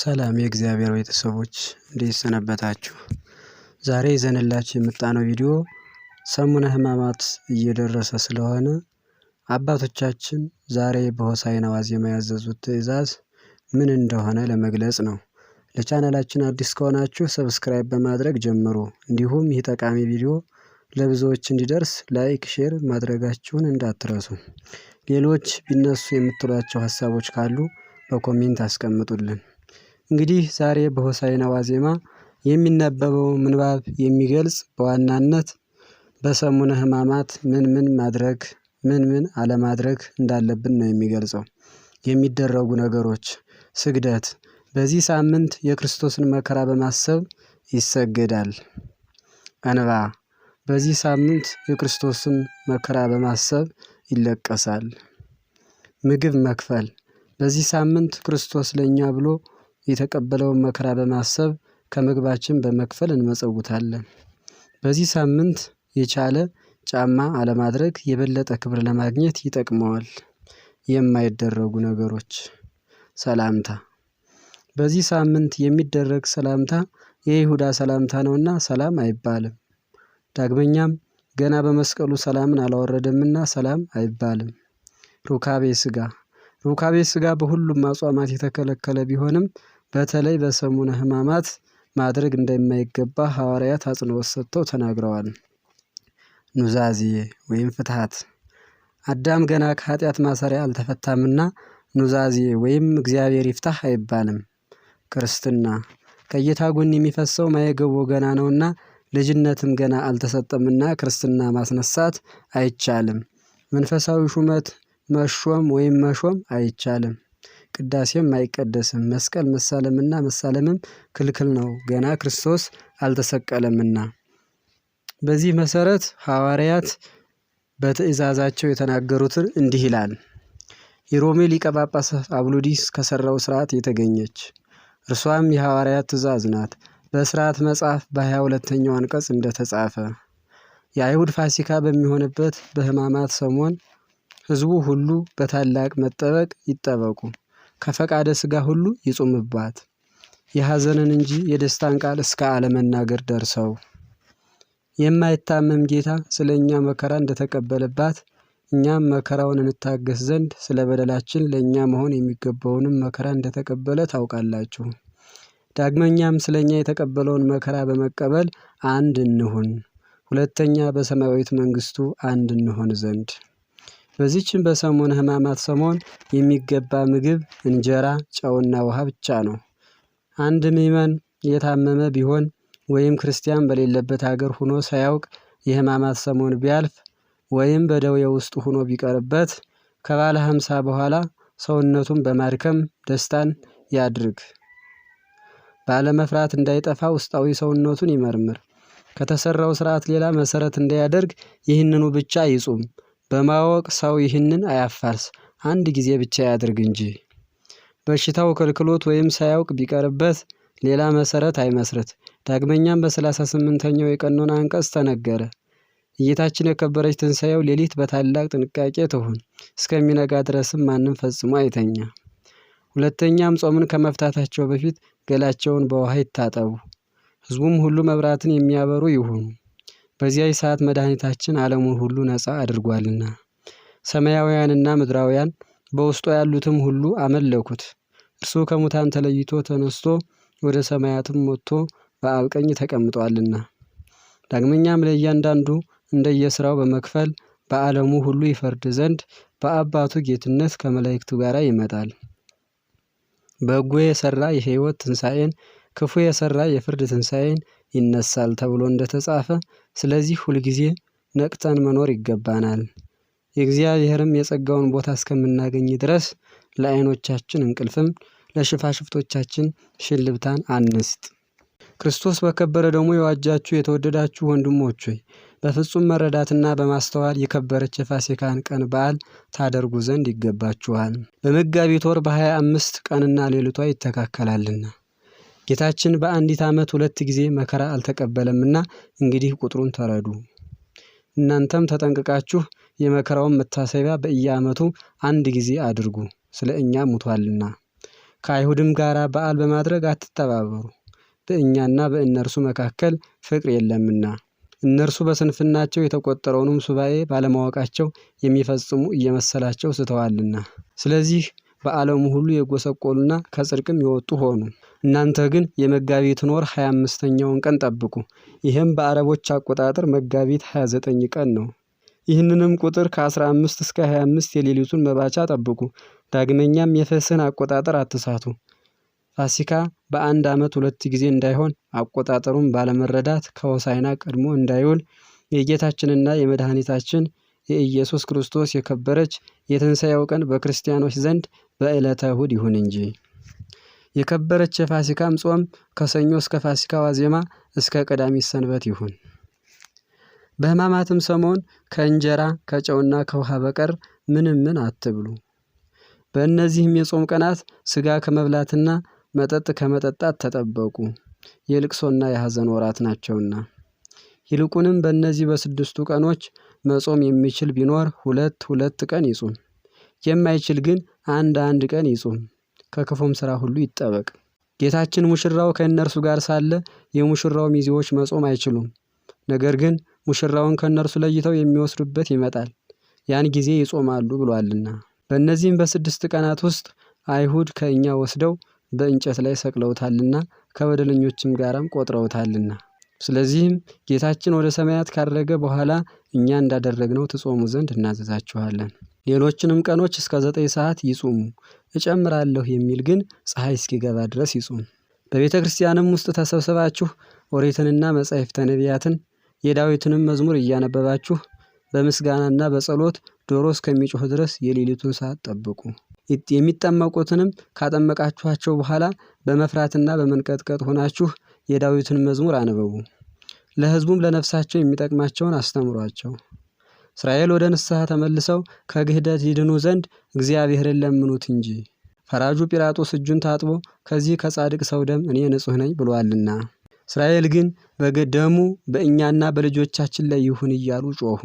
ሰላም የእግዚአብሔር ቤተሰቦች እንዴት ሰነበታችሁ? ዛሬ ይዘንላችሁ የመጣነው ቪዲዮ ሰሙነ ሕማማት እየደረሰ ስለሆነ አባቶቻችን ዛሬ በሆሳዕና ዋዜማ ያዘዙት ትእዛዝ ምን እንደሆነ ለመግለጽ ነው። ለቻናላችን አዲስ ከሆናችሁ ሰብስክራይብ በማድረግ ጀምሩ። እንዲሁም ይህ ጠቃሚ ቪዲዮ ለብዙዎች እንዲደርስ ላይክ፣ ሼር ማድረጋችሁን እንዳትረሱ። ሌሎች ቢነሱ የምትሏቸው ሀሳቦች ካሉ በኮሜንት አስቀምጡልን። እንግዲህ ዛሬ በሆሳዕና ዋዜማ የሚነበበው ምንባብ የሚገልጽ በዋናነት በሰሙነ ሕማማት ምን ምን ማድረግ ምን ምን አለማድረግ እንዳለብን ነው የሚገልጸው። የሚደረጉ ነገሮች ስግደት በዚህ ሳምንት የክርስቶስን መከራ በማሰብ ይሰገዳል። እንባ በዚህ ሳምንት የክርስቶስን መከራ በማሰብ ይለቀሳል። ምግብ መክፈል በዚህ ሳምንት ክርስቶስ ለእኛ ብሎ የተቀበለውን መከራ በማሰብ ከምግባችን በመክፈል እንመጸውታለን። በዚህ ሳምንት የቻለ ጫማ አለማድረግ የበለጠ ክብር ለማግኘት ይጠቅመዋል። የማይደረጉ ነገሮች ሰላምታ በዚህ ሳምንት የሚደረግ ሰላምታ የይሁዳ ሰላምታ ነውና ሰላም አይባልም። ዳግመኛም ገና በመስቀሉ ሰላምን አላወረደምና ሰላም አይባልም። ሩካቤ ስጋ ሩካቤ ስጋ በሁሉም አጽዋማት የተከለከለ ቢሆንም በተለይ በሰሙነ ሕማማት ማድረግ እንደማይገባ ሐዋርያት አጽንኦት ሰጥተው ተናግረዋል። ኑዛዜ ወይም ፍትሐት አዳም ገና ከኃጢአት ማሰሪያ አልተፈታምና ኑዛዜ ወይም እግዚአብሔር ይፍታህ አይባልም። ክርስትና ከጌታ ጎን የሚፈሰው ማየገቦ ገና ነውና ልጅነትም ገና አልተሰጠምና ክርስትና ማስነሳት አይቻልም። መንፈሳዊ ሹመት መሾም ወይም መሾም አይቻልም። ቅዳሴም አይቀደስም መስቀል መሳለምና መሳለምም ክልክል ነው ገና ክርስቶስ አልተሰቀለምና። በዚህ መሰረት ሐዋርያት በትእዛዛቸው የተናገሩትን እንዲህ ይላል። የሮሜ ሊቀ ጳጳስ አብሉዲስ ከሰራው ስርዓት የተገኘች እርሷም የሐዋርያት ትእዛዝ ናት። በስርዓት መጽሐፍ 22 ሁለተኛው አንቀጽ እንደተጻፈ የአይሁድ ፋሲካ በሚሆንበት በህማማት ሰሞን ሕዝቡ ሁሉ በታላቅ መጠበቅ ይጠበቁ። ከፈቃደ ሥጋ ሁሉ ይጹምባት። የሐዘንን እንጂ የደስታን ቃል እስከ አለመናገር ደርሰው የማይታመም ጌታ ስለ እኛ መከራ እንደተቀበለባት እኛም መከራውን እንታገስ ዘንድ ስለ በደላችን ለእኛ መሆን የሚገባውንም መከራ እንደተቀበለ ታውቃላችሁ። ዳግመኛም ስለ እኛ የተቀበለውን መከራ በመቀበል አንድ እንሁን፣ ሁለተኛ በሰማያዊት መንግሥቱ አንድ እንሆን ዘንድ በዚህችም በሰሙነ ሕማማት ሰሞን የሚገባ ምግብ እንጀራ፣ ጨውና ውሃ ብቻ ነው። አንድ ምዕመን የታመመ ቢሆን ወይም ክርስቲያን በሌለበት አገር ሆኖ ሳያውቅ የሕማማት ሰሞን ቢያልፍ ወይም በደዌ ውስጥ ሆኖ ቢቀርበት ከባለ ሀምሳ በኋላ ሰውነቱን በማድከም ደስታን ያድርግ። ባለመፍራት እንዳይጠፋ ውስጣዊ ሰውነቱን ይመርምር። ከተሰራው ስርዓት ሌላ መሰረት እንዳያደርግ ይህንኑ ብቻ ይጹም። በማወቅ ሰው ይህንን አያፋልስ አንድ ጊዜ ብቻ ያድርግ እንጂ። በሽታው ከልክሎት ወይም ሳያውቅ ቢቀርበት ሌላ መሰረት አይመስርት። ዳግመኛም በሰላሳ ስምንተኛው የቀኖና አንቀጽ ተነገረ። እይታችን የከበረች ትንሣኤው ሌሊት በታላቅ ጥንቃቄ ትሁን፣ እስከሚነጋ ድረስም ማንም ፈጽሞ አይተኛ። ሁለተኛም ጾምን ከመፍታታቸው በፊት ገላቸውን በውሃ ይታጠቡ። ሕዝቡም ሁሉ መብራትን የሚያበሩ ይሁኑ። በዚያች ሰዓት መድኃኒታችን ዓለሙን ሁሉ ነፃ አድርጓልና። ሰማያውያንና ምድራውያን በውስጡ ያሉትም ሁሉ አመለኩት። እርሱ ከሙታን ተለይቶ ተነስቶ ወደ ሰማያትም ወጥቶ በአብ ቀኝ ተቀምጧልና። ዳግመኛም ለእያንዳንዱ እንደየስራው በመክፈል በዓለሙ ሁሉ ይፈርድ ዘንድ በአባቱ ጌትነት ከመላእክቱ ጋር ይመጣል። በጎ የሠራ የሕይወት ትንሣኤን፣ ክፉ የሠራ የፍርድ ትንሣኤን ይነሳል ተብሎ እንደተጻፈ ስለዚህ ሁልጊዜ ነቅተን መኖር ይገባናል። የእግዚአብሔርም የጸጋውን ቦታ እስከምናገኝ ድረስ ለዓይኖቻችን እንቅልፍም ለሽፋሽፍቶቻችን ሽልብታን አንስጥ። ክርስቶስ በከበረ ደግሞ የዋጃችሁ የተወደዳችሁ ወንድሞች ሆይ በፍጹም መረዳትና በማስተዋል የከበረች የፋሲካን ቀን በዓል ታደርጉ ዘንድ ይገባችኋል። በመጋቢት ወር በሀያ አምስት ቀንና ሌሊቷ ይተካከላልና ጌታችን በአንዲት ዓመት ሁለት ጊዜ መከራ አልተቀበለምና እንግዲህ ቁጥሩን ተረዱ። እናንተም ተጠንቅቃችሁ የመከራውን መታሰቢያ በየዓመቱ አንድ ጊዜ አድርጉ፣ ስለ እኛ ሙቷልና። ከአይሁድም ጋር በዓል በማድረግ አትተባበሩ፣ በእኛና በእነርሱ መካከል ፍቅር የለምና። እነርሱ በስንፍናቸው የተቆጠረውንም ሱባኤ ባለማወቃቸው የሚፈጽሙ እየመሰላቸው ስተዋልና። ስለዚህ በዓለሙ ሁሉ የጎሰቆሉና ከጽድቅም የወጡ ሆኑ። እናንተ ግን የመጋቢትን ወር 25ኛውን ቀን ጠብቁ። ይህም በአረቦች አቆጣጠር መጋቢት 29 ቀን ነው። ይህንንም ቁጥር ከ15 እስከ 25 የሌሊቱን መባቻ ጠብቁ። ዳግመኛም የፈስህን አቆጣጠር አትሳቱ። ፋሲካ በአንድ ዓመት ሁለት ጊዜ እንዳይሆን አቆጣጠሩን ባለመረዳት ከወሳይና ቀድሞ እንዳይውል የጌታችንና የመድኃኒታችን የኢየሱስ ክርስቶስ የከበረች የትንሣኤው ቀን በክርስቲያኖች ዘንድ በዕለተ እሁድ ይሁን እንጂ የከበረች የፋሲካም ጾም ከሰኞ እስከ ፋሲካ ዋዜማ እስከ ቀዳሚት ሰንበት ይሁን። በሕማማትም ሰሞን ከእንጀራ ከጨውና ከውሃ በቀር ምንም ምን አትብሉ። በእነዚህም የጾም ቀናት ስጋ ከመብላትና መጠጥ ከመጠጣት ተጠበቁ፣ የልቅሶና የሐዘን ወራት ናቸውና። ይልቁንም በእነዚህ በስድስቱ ቀኖች መጾም የሚችል ቢኖር ሁለት ሁለት ቀን ይጹም፣ የማይችል ግን አንድ አንድ ቀን ይጹም። ከክፉም ስራ ሁሉ ይጠበቅ። ጌታችን ሙሽራው ከእነርሱ ጋር ሳለ የሙሽራው ሚዜዎች መጾም አይችሉም። ነገር ግን ሙሽራውን ከእነርሱ ለይተው የሚወስዱበት ይመጣል፣ ያን ጊዜ ይጾማሉ ብሏልና። በእነዚህም በስድስት ቀናት ውስጥ አይሁድ ከእኛ ወስደው በእንጨት ላይ ሰቅለውታልና ከበደለኞችም ጋራም ቆጥረውታልና። ስለዚህም ጌታችን ወደ ሰማያት ካረገ በኋላ እኛ እንዳደረግነው ትጾሙ ዘንድ እናዘዛችኋለን። ሌሎችንም ቀኖች እስከ ዘጠኝ ሰዓት ይጹሙ እጨምራለሁ የሚል ግን ፀሐይ እስኪገባ ድረስ በቤተ በቤተክርስቲያንም ውስጥ ተሰብስባችሁ ኦሪትንና መጽሐፍተ ነቢያትን የዳዊትንም መዝሙር እያነበባችሁ በምስጋናና በጸሎት ዶሮ እስከሚጮህ ድረስ የሌሊቱን ሰዓት ጠብቁ። የሚጠመቁትንም ካጠመቃችኋቸው በኋላ በመፍራትና በመንቀጥቀጥ ሆናችሁ የዳዊትን መዝሙር አንበቡ ለህዝቡም ለነፍሳቸው የሚጠቅማቸውን አስተምሯቸው እስራኤል ወደ ንስሐ ተመልሰው ከግህደት ይድኑ ዘንድ እግዚአብሔርን ለምኑት እንጂ ፈራጁ ጲላጦስ እጁን ታጥቦ ከዚህ ከጻድቅ ሰው ደም እኔ ንጹሕ ነኝ ብሏልና። እስራኤል ግን በደሙ በእኛና በልጆቻችን ላይ ይሁን እያሉ ጮኹ።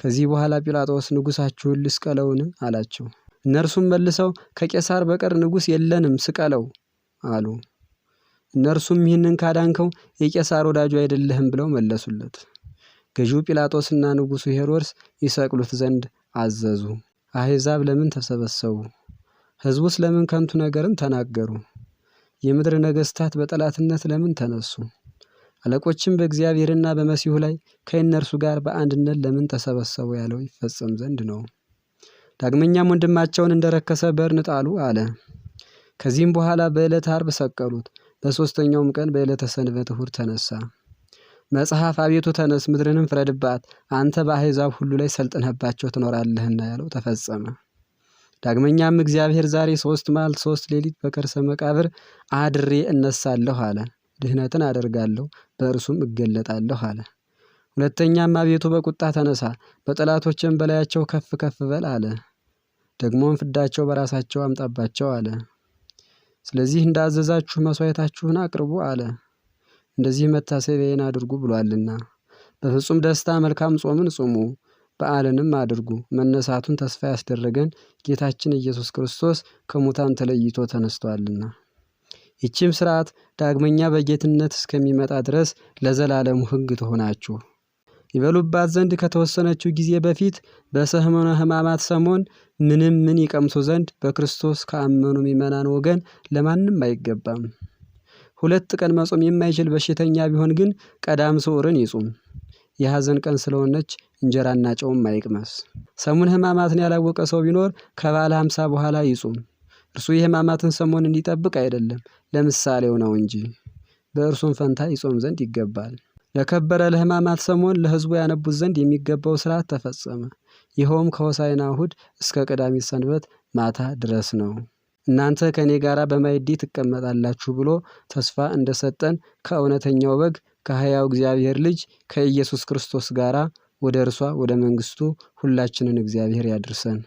ከዚህ በኋላ ጲላጦስ ንጉሣችሁን ልስቀለውን አላቸው። እነርሱም መልሰው ከቄሳር በቀር ንጉሥ የለንም ስቀለው አሉ። እነርሱም ይህንን ካዳንከው የቄሳር ወዳጁ አይደለህም ብለው መለሱለት። ገዢው ጲላጦስና ንጉሡ ሄሮድስ ይሰቅሉት ዘንድ አዘዙ። አሕዛብ ለምን ተሰበሰቡ? ሕዝቡስ ለምን ከንቱ ነገርን ተናገሩ? የምድር ነገሥታት በጠላትነት ለምን ተነሱ? አለቆችም በእግዚአብሔርና በመሲሁ ላይ ከእነርሱ ጋር በአንድነት ለምን ተሰበሰቡ ያለው ይፈጸም ዘንድ ነው። ዳግመኛም ወንድማቸውን እንደረከሰ በርን ጣሉ አለ። ከዚህም በኋላ በዕለተ ዓርብ ሰቀሉት። በሦስተኛውም ቀን በዕለተ ሰንበት እሁድ ተነሳ። መጽሐፍ አቤቱ ተነስ ምድርንም ፍረድባት፣ አንተ በአሕዛብ ሁሉ ላይ ሰልጥነህባቸው ትኖራለህና ያለው ተፈጸመ። ዳግመኛም እግዚአብሔር ዛሬ ሶስት መዓልት ሶስት ሌሊት በከርሰ መቃብር አድሬ እነሳለሁ አለ። ድህነትን አደርጋለሁ በእርሱም እገለጣለሁ አለ። ሁለተኛም አቤቱ በቁጣ ተነሳ፣ በጠላቶችን በላያቸው ከፍ ከፍ በል አለ። ደግሞም ፍዳቸው በራሳቸው አምጣባቸው አለ። ስለዚህ እንዳዘዛችሁ መሥዋዕታችሁን አቅርቡ አለ። እንደዚህ መታሰቢያዬን አድርጉ ብሏልና። በፍጹም ደስታ መልካም ጾምን ጽሙ፣ በዓልንም አድርጉ። መነሳቱን ተስፋ ያስደረገን ጌታችን ኢየሱስ ክርስቶስ ከሙታን ተለይቶ ተነስቷልና። ይቺም ስርዓት ዳግመኛ በጌትነት እስከሚመጣ ድረስ ለዘላለሙ ሕግ ትሆናችሁ። ይበሉባት ዘንድ ከተወሰነችው ጊዜ በፊት በሰሙነ ሕማማት ሰሞን ምንም ምን ይቀምሱ ዘንድ በክርስቶስ ካመኑ ምዕመናን ወገን ለማንም አይገባም። ሁለት ቀን መጾም የማይችል በሽተኛ ቢሆን ግን ቀዳም ስዑርን ይጹም። የሀዘን ቀን ስለሆነች እንጀራና ጨውም አይቅመስ። ሰሙን ሕማማትን ያላወቀ ሰው ቢኖር ከባለ ሀምሳ በኋላ ይጹም። እርሱ የሕማማትን ሰሞን እንዲጠብቅ አይደለም፣ ለምሳሌው ነው እንጂ በእርሱም ፈንታ ይጾም ዘንድ ይገባል። ለከበረ ለሕማማት ሰሞን ለሕዝቡ ያነቡት ዘንድ የሚገባው ስርዓት ተፈጸመ። ይኸውም ከሆሳዕና እሁድ እስከ ቀዳሚት ሰንበት ማታ ድረስ ነው። እናንተ ከእኔ ጋራ በማዕዴ ትቀመጣላችሁ ብሎ ተስፋ እንደሰጠን ከእውነተኛው በግ ከሕያው እግዚአብሔር ልጅ ከኢየሱስ ክርስቶስ ጋራ ወደ እርሷ ወደ መንግስቱ ሁላችንን እግዚአብሔር ያድርሰን።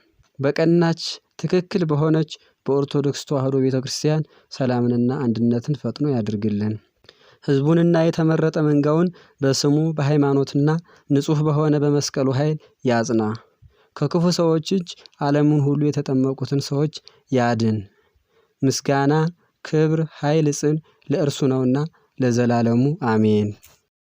በቀናች ትክክል በሆነች በኦርቶዶክስ ተዋሕዶ ቤተ ክርስቲያን ሰላምንና አንድነትን ፈጥኖ ያድርግልን። ሕዝቡንና የተመረጠ መንጋውን በስሙ በሃይማኖትና ንጹሕ በሆነ በመስቀሉ ኃይል ያጽና። ከክፉ ሰዎች እጅ ዓለሙን ሁሉ የተጠመቁትን ሰዎች ያድን። ምስጋና ክብር ኃይል ጽን ለእርሱ ነውና ለዘላለሙ አሜን።